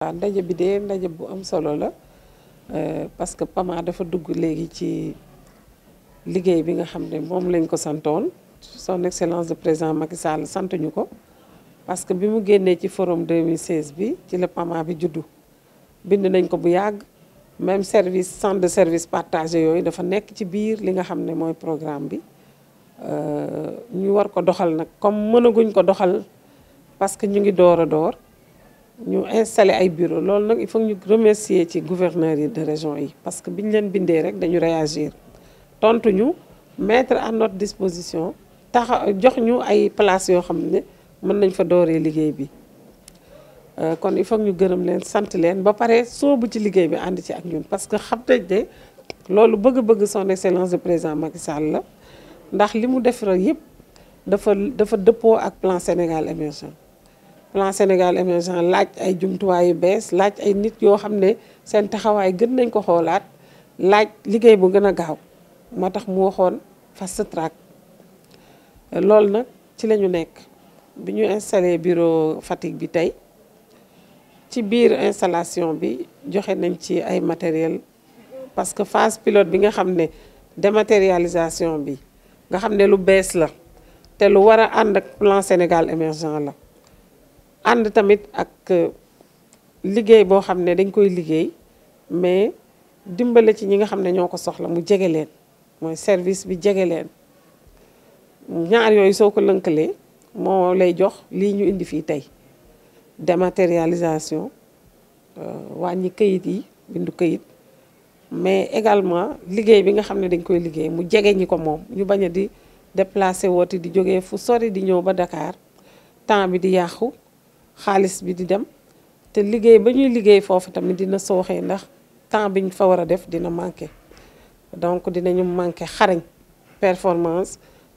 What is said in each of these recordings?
waaw ndaje bi de ndaje bu am solo la euh, parce que PAMA dafa dugg léegi ci liggéey bi nga xam ne moom lañ ko santoon son excellence de président Macky Sall sant ñu ko parce que bi mu génnee ci forum 2016 bi ci la PAMA bi juddu bind nañ ko bu yàgg même service centre de service partagé yooyu dafa nekk ci biir li nga xam ne mooy programme bi euh, ñu war ko doxal nag comme mënaguñ ko doxal parce que ñu ngi door a door ñu installé ay bureau loolu nag il faut ñu remercier ci gouverneur yi de région yi parce que bi ñu leen bindee rek dañu réagir tontu ñu mettre à notre disposition tax jox ñu ay place yoo xam ne mën nañ fa dooree liggéey bi euh, kon il faut ñu gërëm leen sant leen ba pare soobu ci liggéey bi ànd ci ak ñun parce que xam nañ ne loolu bëgg-bëgg son excellence de président Macky Sall la ndax li mu def rek yëpp dafa dafa dëppoo ak plan Sénégal émergent plan Sénégal émergent laaj ay jumtuwaay yu bees laaj ay nit yoo xam ne seen taxawaay gën nañ ko xoolaat laaj liggéey bu gën a gaaw moo tax mu waxoon fast track loolu nag ci la ñu nekk bi ñu installé bureau fatigue bi tey ci biir installation bi joxe nañ ci ay matériel parce que phase pilote bi nga xam ne dématérialisation bi nga xam ne lu bees la te lu war a ànd ak plan Sénégal émergent la ànd tamit ak euh, liggéey boo xam ne dañ koy liggéey mais dimbale ci ñi nga xam ne ñoo ko soxla mu jege leen mooy service bi jege leen ñaar yooyu soo ko lënkalee moo lay jox lii ñu indi fii tey dématérialisation euh, wàññi këyit yi bindu këyit mais également liggéey bi nga xam ne dañ koy liggéey mu jege ñi ko moom ñu bañ a di déplacé wooti di jóge fu sori di ñëw ba dakaar temps bi di yàqu xaalis bi di dem te liggéey ba ñuy liggéey foofu tamit dina sooxee ndax temps biñ fa war a def dina manqué donc dina ñu manqué xarañ performance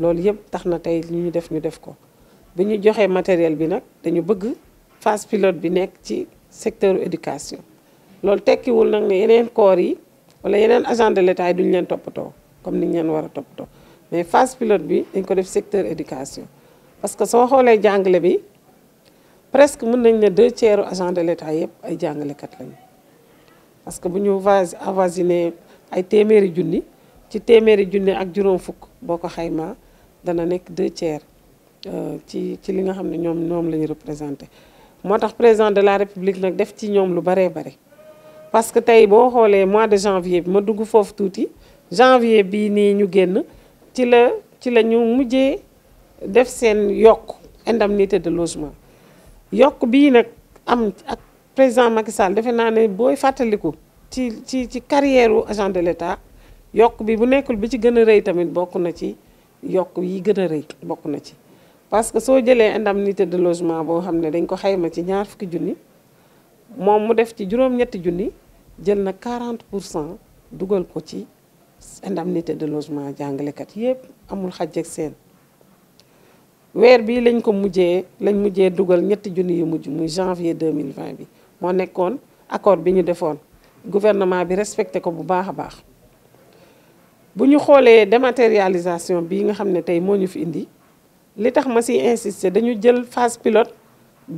loolu yëpp tax na tey li ñu def ñu def ko bi ñu joxee matériel bi nag dañu bëgg phase pilote bi nekk ci secteur éducation loolu tekkiwul nag ne yeneen corps yi wala yeneen agent de l'État duñ leen toppatoo comme niñ leen war a toppatoo mais phase pilote bi dañ ko def secteur éducation parce soo xoolee jàngale bi presque mën nañ ne deux tiers agent de l'État yëpp ay jàngalekat lañu parce que bu ñu avoisiné ay téeméeri junni ci téeméeri junni ak juróom fukk boo ko xaymaa dana nekk deux tiers euh, ci ci li nga xam ne ñoom ñoom la ñu représenté moo tax président de la république nag def ci ñoom lu baree bare parce que tey boo xoolee mois de janvier bi ma dugg foofu tuuti janvier bii nii ñu génn ci la ci la ñu mujjee def sen yok indemnité de logement yokk bii nag am ak président Macky Sall defe naa ne booy fàttaliku ci ci ci carrière agent de l'État yokk bi bu nekkul bi ci gën a rëy tamit bokk na ci yokk yi gën a rëy bokk na ci parce que soo jëlee indemnité de logement boo xam ne dañ ko xayma ci ñaar fukki junni moom mu def ci juróom-ñetti junni jël na 40 pour cent dugal ko ci indemnité de logement jàngalekat yépp amul xàjj ak seen weer bi lañ ko mujjee lañ mujjee dugal ñetti junni yu mujj muy janvier 2020 bi moo nekkoon accord bi ñu defoon gouvernement bi respecté ko bu baax a baax bu ñu dématérialisation bi nga xam ne tey moo ñu fi indi li tax ma si insister dañu jël phase pilote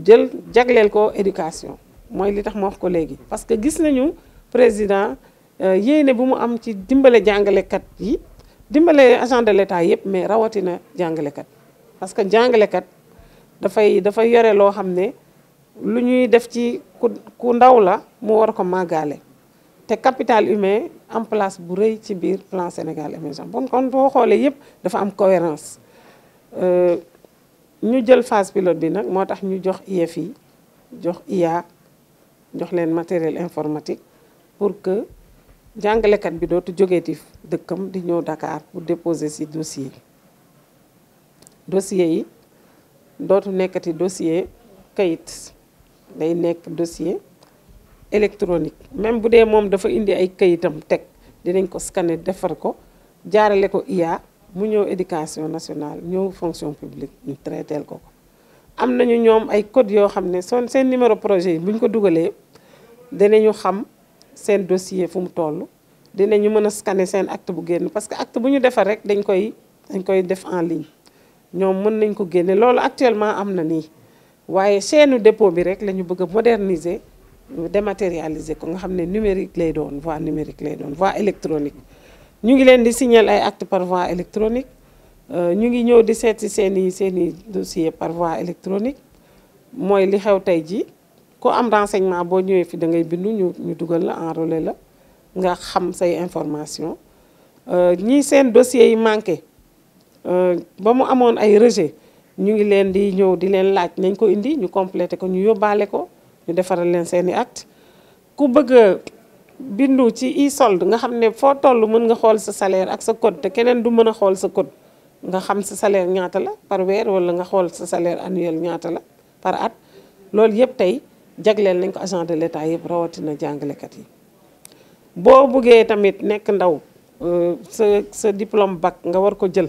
jël jagleel ko éducation mooy li tax ma wax ko léegi parce que gis nañu président euh, yéene bu mu am ci dimbale jàngalekat yi dimbale agent de l'État yépp mais rawatina jàngalekat parce que jàngalekat dafay dafay yore loo xam ne lu ñuy def ci ku ndaw la mu war ko magalé té capital humain en place bu reuy ci biir plan Sénégal émergent bon kon xolé yépp da fa am cohérence euh, ñu jël phase pilote bi nag moo ñu jox IFI jox IA jox leen matériel informatique pour que kat bi dootu jógeeti deukam di ñëw Dakar pour déposer ci dossier dossier yi dootu nekkati dossier kayit day nekk dossier électronique même bu dee moom dafa indi ay kayitam teg dinañ ko scanner defar ko jaarale ko IA mu ñëw éducation nationale ñëw fonction publique ñu traité ko ko am nañu ñoom ay code yoo xam ne son seen numéro projet yi bu ko dugalee dinañu xam seen dossier fu mu toll dinañu mën a scanner seen act bu génn parce que acte bu ñu defar rek dañ koy dañ koy def en ligne ñom mën nañ ko génne loolu actuellement am na ni waaye seenu dépôt bi rek lañu bëgg a moderniser dématérialiser ko nga xam ne numérique lay doon voie numérique lay doon voie électronique ñu ngi leen di signaler ay acte par voie électronique euh, ñu ngi ñëw di seeti seen i seen i dossier par voie électronique mooy li xew tey ji ko am renseignement boo ñëwee fi da ngay bindu ñu ñu dugal la enrôler la nga xam say information euh, ñi seen dossier yi manqué Euh, ba mu amoon ay rejet ñu ngi leen di ñëw di leen laaj nañ ko indi ñu complété ko ñu yóbbaale ko ñu defaral leen seeni at ku bëgg a bindu ci e-solde nga xam ne foo toll mën nga xool sa salaire ak sa code te keneen du mën a xool sa code nga xam sa salaire ñaata la par weer wala nga xool sa salaire annuel ñaata la par at loolu yëpp tey jagleel nañ ko agent de l'État yëpp rawatina jàngalekat yi boo buggee tamit nekk ndaw euh, sa sa diplôme bag nga war ko jël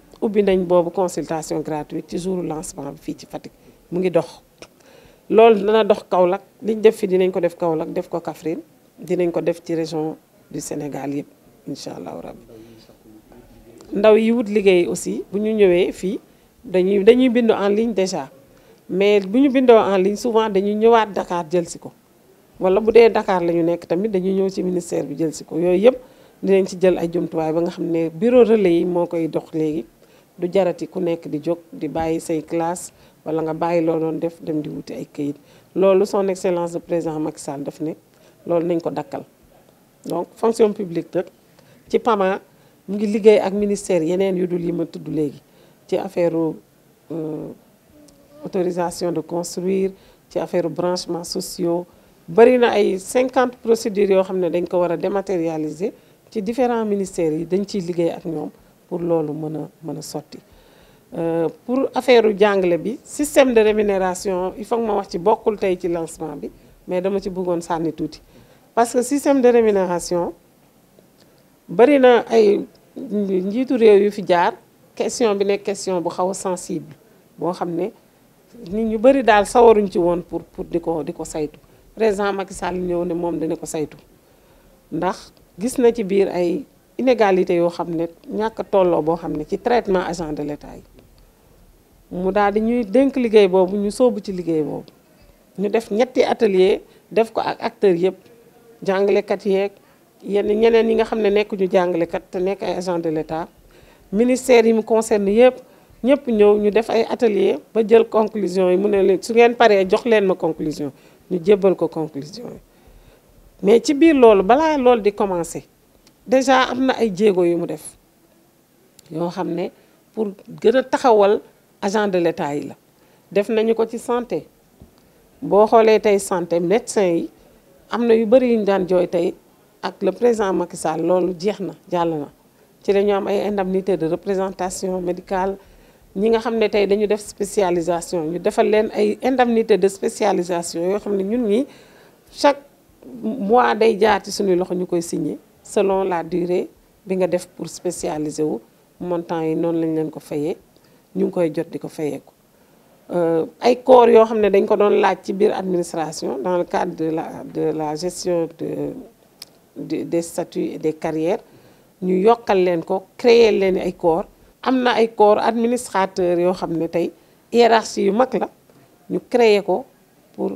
ubbi nañ boobu consultation gratuite ci jouru lancement bi fii ci Fatick mu ngi dox loolu dana dox Kaolack liñ def fi dinañ ko def Kaolack def ko Kaffrine dinañ ko def ci région du Sénégal yëpp incha allahu rabbi ndaw yi wut liggéey aussi bu ñu ñëwee fii dañuy dañuy bindu en ligne déjà mais bu ñu bindoo en ligne souvent dañuy ñëwaat Dakar jël si ko wala bu dee Dakar la ñu nekk tamit dañuy ñëw ci ministère bi jël si ko yooyu yëpp dinañ ci jël ay jumtuwaay ba nga xam ne bureau relais yi moo koy dox léegi du jarati ku nekk di jóg di bàyyi say classe wala nga bàyyi loo doon def dem di wuti ay këyit loolu son excellence de président Macky Sall daf ne loolu nañ ko dakkal donc fonction publique nag ci PAMA mu ngi liggéey ak ministère yeneen yu dul yi ma tudd léegi ci affaire euh, autorisation de construire ci affaire branchement sociaux bari na ay 50 procédures yoo xam ne dañ ko war a dématérialiser ci différents ministères yi dañ ciy liggéey ak ñoom pour lolu mën a sorti euh, pour affaire jàngale bi système de rémunération il faut que ma wax ci bokul tay ci lancement bi mais dama ci bëggone sanni touti parce que système de rémunération bari na ay njitu rew yu fi jaar question bi nek question bu xaw sensible bo xamné nit ñu bari dal sawaruñ ci woon pour pour diko diko saytu président Macky Sall ñëw ne mom dina ko saytu ndax gis na ci biir ay inégalité yoo xam ne ñàkk tolloo boo xam ne ci traitement agent de l'État yi mu daal di ñuy dénk liggéey boobu ñu sóobu ci liggéey boobu ñu def ñetti atelier def ko ak acteurs yëpp jàngalekat yeeg yenn ñeneen yi nga xam ne nekkuñu jàngalekat te nekk ay agent de l'État ministère yi mu concerne yëpp ñëpp ñëw ñu def ay atelier ba jël conclusion yi mu ne leen su ngeen paree jox leen ma conclusion ñu jébbal ko conclusion yi mais ci biir loolu balaa loolu déjà am na ay jéego yu mu def yoo xam ne pour gën a taxawal agent de l'État yi la def nañu ko ci santé boo xoolee tey santé médecin yi am na yu bëri yu ñu daan jooy tey ak le président Macky loolu jeex na jàll na ci la am ay indemnité de représentation médicale ñi nga xam ne tey dañu def spécialisation ñu defal leen ay indemnité de spécialisation yoo xam ne ñun ñi chaque mois day jaar ci suñuy loxo ñu koy signé selon la durée bi nga def pour spécialiser wu montant yi noonu lañ leen ko fayee ñu ngi koy jot di ko fayeeku euh, ay corps yoo xam ne dañ ko doon laaj ci biir administration dans le cadre de la de la gestion de des statuts et des carrières ñu yokkal leen ko créer leen ay corps am na ay corps administrateur yoo xam ne tey hiérarchie yu mag la ñu créer ko pour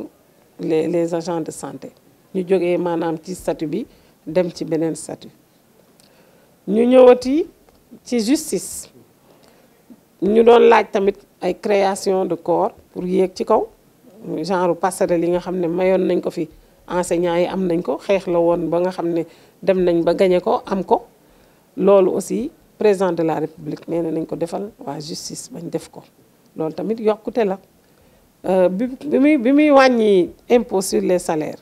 les les agents de santé ñu jógee maanaam ci statut bi dem ci benen statut ñu ñëwati ci justice ñu doon laaj tamit ay création de corps pour yéeg ci kaw genre passerelle yi nga xamné mayon mayoon nañ ko fi enseignants yi am nañ ko xex la woon ba nga xamné dem nañ ba gagné ko am ko loolu aussi président de la république nee nañ ko défal wa justice bañ def ko loolu tamit yokkute la euh bi mi bi muy impôt sur les salaires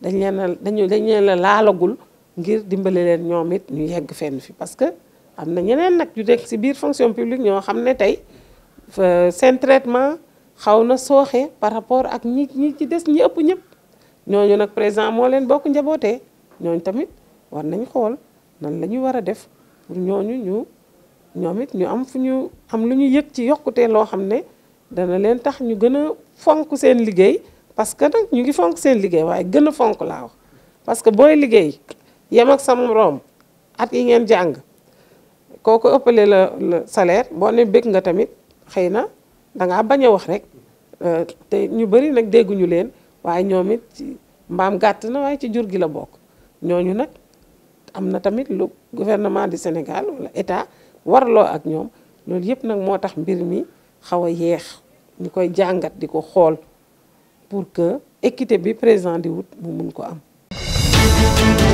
dañ leen a dañu la laalagul ngir dimbali leen ñoom it ñu yegg fenn fi parce que am na ñeneen nag yu nekk si biir fonction publique ñoo xam ne tey seen traitement xaw na sooxe par rapport ak ñi ñi ci des ñi ëpp ñëpp ñooñu nag président moo leen bokk njabootee ñooñ tamit war nañ xool nan lañuy ñu war a def pour ñooñu ñu ñoom it ñu am fu ñu am lu ñu yëg ci yokkutee loo xam ne dana leen tax ñu gën a fonk seen liggéey parce que nag ñu ngi fonk seen liggéey waaye gën a fonk laa wax parce que booy liggéey yem ak sama moroom at yi ngeen jàng kooku ëppale la la salaire boo ne bëgg nga tamit xëy na dangaa bañ a wax rek euh, te ñu bari nag dégguñu leen waaye ñoom it mbaam gàtt na waaye ci jur gi la bokk ñooñu nag am na tamit lu gouvernement di Sénégal walla état warloo ak ñoom loolu yëpp nag moo tax mbir mi xaw a yeex ñu koy jàngat di ko xool pour que équité bi président di wut mu mun ko am